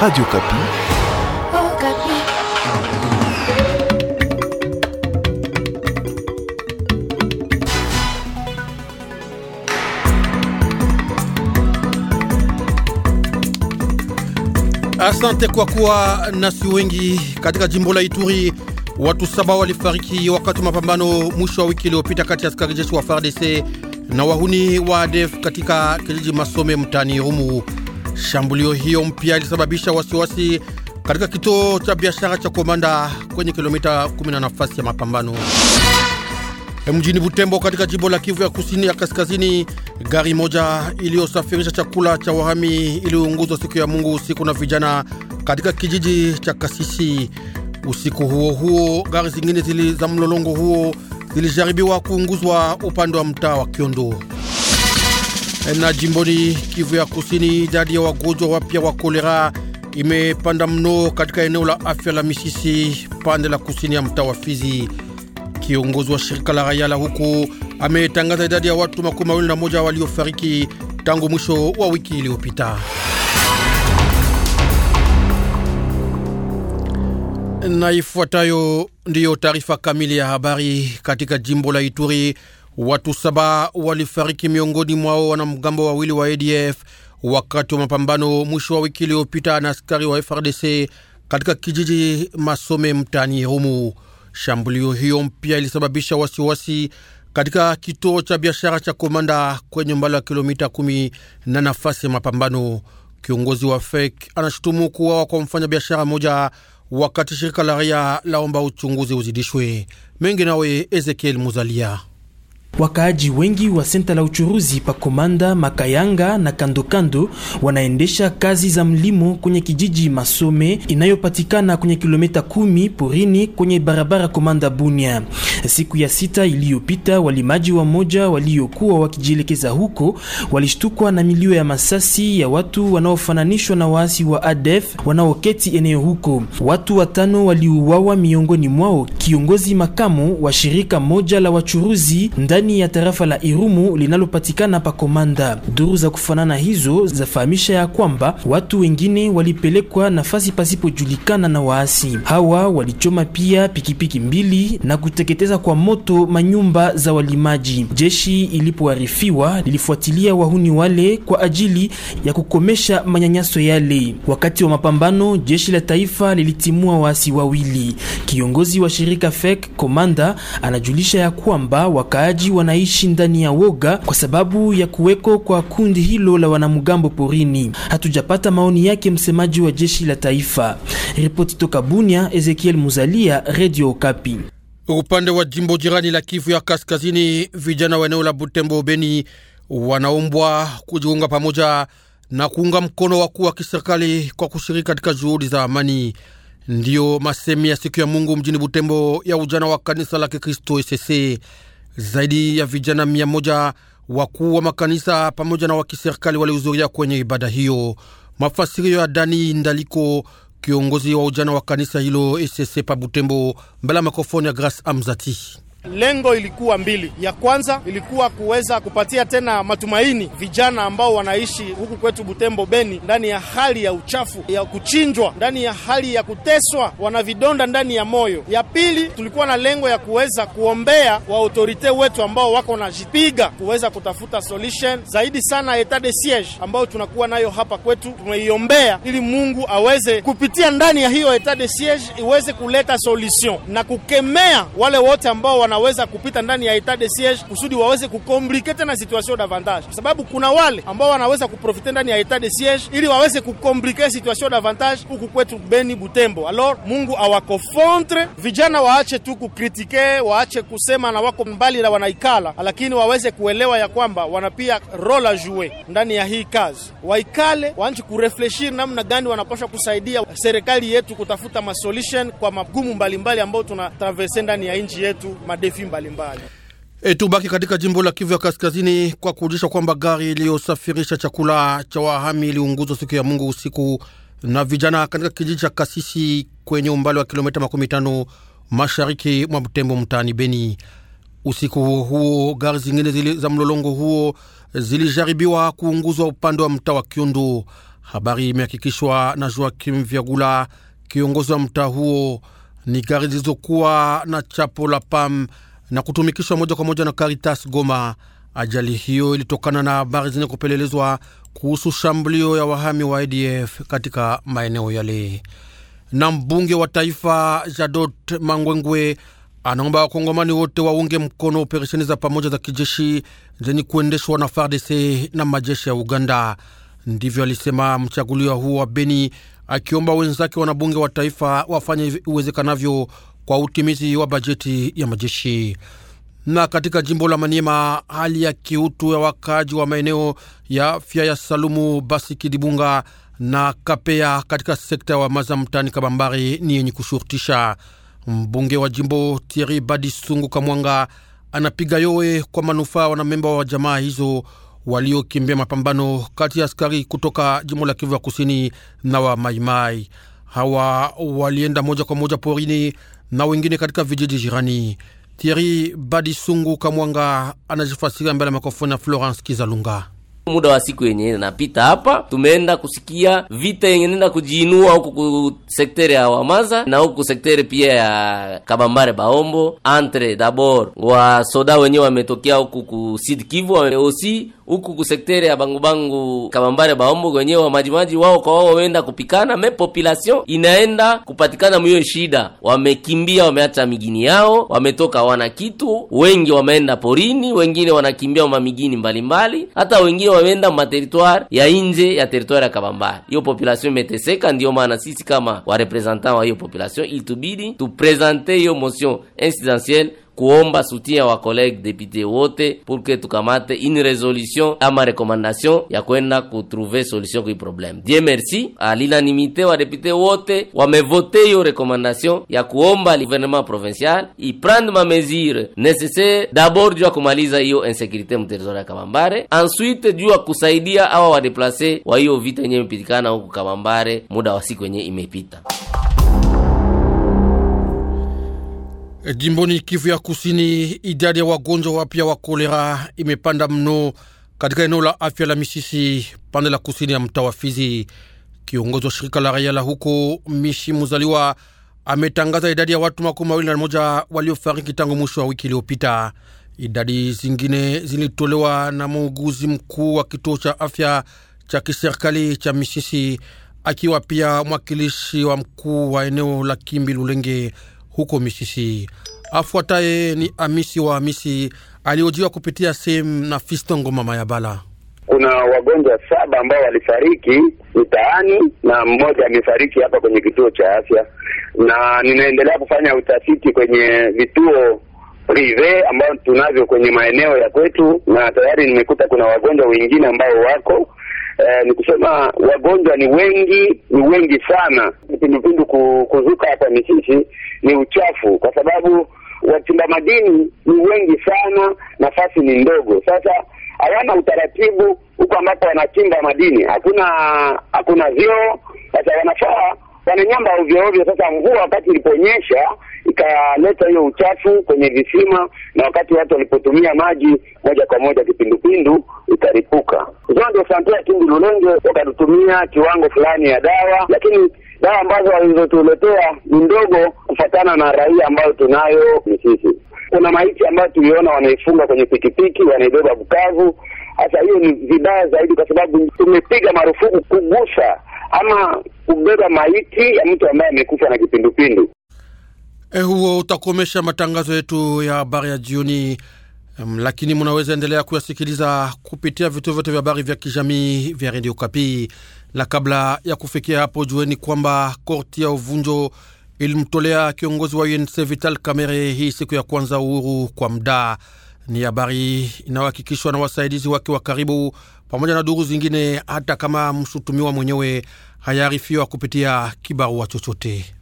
Radio Kapi. Oh, Kapi. Asante kwa kuwa nasi wengi. Katika jimbo la Ituri, watu saba walifariki wakati mapambano mwisho wa wiki iliyopita kati ya askari jeshi wa FARDC na wahuni wa ADF katika kijiji Masome mtani Rumu. Shambulio hiyo mpya ilisababisha wasiwasi katika kituo cha biashara cha Komanda kwenye kilomita 10 na nafasi ya mapambano e, mjini Butembo katika jimbo la Kivu ya kusini ya kaskazini. Gari moja iliyosafirisha chakula cha wahami iliunguzwa siku ya Mungu usiku na vijana katika kijiji cha Kasisi. Usiku huo huo gari zingine zili za mlolongo huo zilijaribiwa kuunguzwa upande wa mtaa wa Kiondo. Eh, na jimboni Kivu ya Kusini, idadi ya wagonjwa wapya wa kolera imepanda mno katika eneo la afya la Misisi pande la kusini ya mtaa wa Fizi. Kiongozi wa shirika la raia la huku ametangaza idadi ya watu makumi mawili na moja waliofariki tangu mwisho wa wiki iliyopita. Na ifuatayo ndiyo taarifa kamili ya habari. Katika jimbo la Ituri watu saba walifariki, miongoni mwao wanamgambo wawili wa ADF wakati wa mapambano mwisho wa wiki iliyopita na askari wa FRDC katika kijiji Masome mtaani Rumu. Shambulio hiyo mpya ilisababisha wasiwasi katika kituo cha biashara cha Komanda kwenye umbali wa kilomita kumi na nafasi ya mapambano. Kiongozi wa FEK anashutumu kuwawa kwa biashara moja, wakati shirika la raia laomba uchunguzi uzidishwe. Mengi nawe Ezekiel Muzalia. Wakaaji wengi wa senta la uchuruzi pa Komanda, Makayanga na kandokando wanaendesha kazi za mlimo kwenye kijiji Masome inayopatikana kwenye kilomita kumi porini kwenye barabara Komanda Bunia. Siku ya sita iliyopita, walimaji wa moja waliokuwa wakijielekeza huko walishtukwa na milio ya masasi ya watu wanaofananishwa na waasi wa ADF wanaoketi eneo huko. Watu watano waliuawa, miongoni mwao kiongozi makamu wa shirika moja la wachuruzi ndani ndani ya tarafa la Irumu linalopatikana pa Komanda. Duru za kufanana hizo zafahamisha ya kwamba watu wengine walipelekwa nafasi pasipojulikana na waasi hawa. Walichoma pia pikipiki mbili na kuteketeza kwa moto manyumba za walimaji. Jeshi ilipoarifiwa lilifuatilia wahuni wale kwa ajili ya kukomesha manyanyaso yale. Wakati wa mapambano, jeshi la taifa lilitimua waasi wawili. Kiongozi wa shirika FEC Komanda anajulisha ya kwamba wakaaji wengi wanaishi ndani ya woga kwa sababu ya kuweko kwa kundi hilo la wanamgambo porini. Hatujapata maoni yake msemaji wa jeshi la taifa. Ripoti toka Bunia, Ezekiel Muzalia, Radio Okapi. Upande wa jimbo jirani la Kivu ya Kaskazini, vijana wa eneo la Butembo Beni wanaombwa kujiunga pamoja na kuunga mkono wakuu wa kiserikali kwa kushiriki katika juhudi za amani. Ndiyo masemi ya siku ya Mungu mjini Butembo ya ujana wa kanisa la Kikristo esese zaidi ya vijana mia moja wakuu wa makanisa pamoja na wakiserikali walihudhuria kwenye ibada hiyo. Mafasirio ya Dani Ndaliko, kiongozi wa ujana wa kanisa hilo esese pa Butembo, mbele ya makofoni ya Grace Amzati. Lengo ilikuwa mbili. Ya kwanza ilikuwa kuweza kupatia tena matumaini vijana ambao wanaishi huku kwetu Butembo, Beni, ndani ya hali ya uchafu, ya kuchinjwa, ndani ya hali ya kuteswa, wana vidonda ndani ya moyo. Ya pili tulikuwa na lengo ya kuweza kuombea wa autorite wetu ambao wako najipiga kuweza kutafuta solution zaidi sana, etat de siege ambayo tunakuwa nayo hapa kwetu tumeiombea, ili Mungu aweze kupitia ndani ya hiyo etat de siege iweze kuleta solution na kukemea wale wote ambao wanaweza kupita ndani ya etat de siege kusudi waweze kukomplike tena situation davantage, kwa sababu kuna wale ambao wanaweza kuprofite ndani ya etat de siege ili waweze kukomplike situation davantage huku kwetu Beni Butembo. Alors Mungu awakofontre vijana, waache tu kukritike, waache kusema na wako mbali na wanaikala, lakini waweze kuelewa ya kwamba wanapia rola jouer ndani ya hii kazi, waikale waanze kurefleshir namna gani wanapaswa kusaidia serikali yetu kutafuta masolution kwa magumu mbalimbali ambayo tunatraverse ndani ya nchi yetu madefi mbalimbali. E, tubaki katika jimbo la Kivu ya Kaskazini kwa kujulisha kwamba gari iliyosafirisha chakula cha wahami iliunguzwa siku ya Mungu usiku na vijana katika kijiji cha Kasisi kwenye umbali wa kilomita makumi tano mashariki mwa Mtembo mtaani Beni. Usiku huo huo gari zingine zili, za mlolongo huo zilijaribiwa kuunguzwa upande wa mtaa wa kiundu Habari imehakikishwa na Joakim Vyagula, kiongozi wa mtaa huo ni gari zilizokuwa na chapo la PAM na kutumikishwa moja kwa moja na Caritas Goma. Ajali hiyo ilitokana na habari zenye kupelelezwa kuhusu shambulio ya wahami wa ADF katika maeneo yale. Na mbunge wa taifa Jadot Mangwengwe anaomba wakongomani wote waunge mkono operesheni za pamoja za kijeshi zenye kuendeshwa na FARDC na majeshi ya Uganda. Ndivyo alisema mchaguliwa huo wa Beni akiomba wenzake wanabunge wa taifa wafanye uwezekanavyo kwa utimizi wa bajeti ya majeshi. Na katika jimbo la Maniema, hali ya kiutu ya wakaaji wa maeneo ya afya ya Salumu, basi Kidibunga na Kapea katika sekta ya Maza mtani Kabambari ni yenye kushurutisha. Mbunge wa jimbo Thierry sungu Kamwanga anapiga yowe kwa manufaa wanamemba wa jamaa hizo waliokimbia mapambano kati ya askari kutoka jimbo la Kivu ya kusini na wa Maimai. Hawa walienda moja kwa moja porini na wengine katika vijiji jirani. Thierry Badisungu Kamwanga anajifasiria mbele ya makofoni ya Florence Kizalunga. Muda wa siku yenye inapita hapa, tumeenda kusikia vita yenye nenda kujiinua huku ku sekteri ya Wamaza na huku sekteri pia ya Kabambare Baombo entre dabord wa soda wenye wametokea huku ku Sud Kivu osi huku ku sekteri ya Bangubangu Kabambare Baombo wenye wa majimaji wao kwa wao waenda kupikana, me population inaenda kupatikana mwiyo shida. Wamekimbia, wameacha migini yao, wametoka wana kitu, wengi wameenda porini, wengine wanakimbia mamigini mbalimbali, hata wengine wenyewe wawenda materitware ya inje ya teritware ya Kabambare. Hiyo population imeteseka, ndio maana sisi kama wa warepresentant wa hiyo population ilitubidi tupresente hiyo motion incidentielle kuomba sutia wa collegue depute wote purke tukamate une resolution ama recommandation ya kwenda kutruve solution kui problem. die merci, lunanimité wa depute wote wamevote yo recommandation ya kuomba gouvernement provincial iprendre ma mesure necessaire d'abord juu ya kumaliza hiyo insekurite mterizori ya Kabambare, ensuite juu ya kusaidia awa wadeplase wa hiyo vita yenye imepitikana huku Kabambare muda wa siku yenye imepita. Eh, jimboni Kivu ya Kusini, idadi ya wagonjwa wapya wa kolera imepanda mno katika eneo la afya la Misisi pande la kusini ya mtaa wa Fizi. Kiongozi wa shirika la raia la huko Mishi Muzaliwa ametangaza idadi ya watu makumi mawili na moja waliofariki tangu mwisho wa wiki iliyopita. Idadi zingine zilitolewa na muuguzi mkuu wa kituo cha afya cha kiserikali cha Misisi akiwa pia mwakilishi wa mkuu wa eneo la Kimbi Lulenge huko misisi Afuataye ni Amisi wa Amisi aliojiwa kupitia simu na Fistongo mama ya Bala. Kuna wagonjwa saba ambao walifariki mitaani na mmoja amefariki hapa kwenye kituo cha afya, na ninaendelea kufanya utafiti kwenye vituo prive ambayo tunavyo kwenye maeneo ya kwetu, na tayari nimekuta kuna wagonjwa wengine ambao wako eh, ni kusema wagonjwa ni wengi, ni wengi sana. Kipindupindu kuzuka hapa Misisi ni uchafu, kwa sababu wachimba madini ni wengi sana, nafasi ni ndogo. Sasa hawana utaratibu huko ambapo wanachimba madini, hakuna hakuna vyoo. Sasa wanafaa wananyamba ovyo ovyo. Sasa mvua wakati iliponyesha ikaleta hiyo uchafu kwenye visima, na wakati watu walipotumia maji moja kwa moja kipindupindu ikaripuka. Ndio sante ya Tundu Lulenge wakatutumia kiwango fulani ya dawa, lakini dawa ambazo walizotuletea ni ndogo kufatana na raia ambayo tunayo ni sisi. Kuna maiti ambayo tuliona wanaifunga kwenye pikipiki, wanaibeba Bukavu hasa hiyo ni vibaya zaidi, kwa sababu tumepiga marufuku kugusa ama kubeba maiti ya mtu ambaye amekufa na kipindupindu. E, huo utakomesha matangazo yetu ya habari ya jioni. Um, lakini munaweza endelea kuyasikiliza kupitia vituo vyote vya habari vya kijamii vya redio Kapi. La kabla ya kufikia hapo, jueni kwamba korti ya uvunjo ilimtolea kiongozi wa UNC Vital Kamerhe hii siku ya kwanza uhuru kwa mdaa ni habari inayohakikishwa na wasaidizi wake wa karibu pamoja na duru zingine, hata kama mshutumiwa mwenyewe hayarifiwa kupitia kibarua chochote.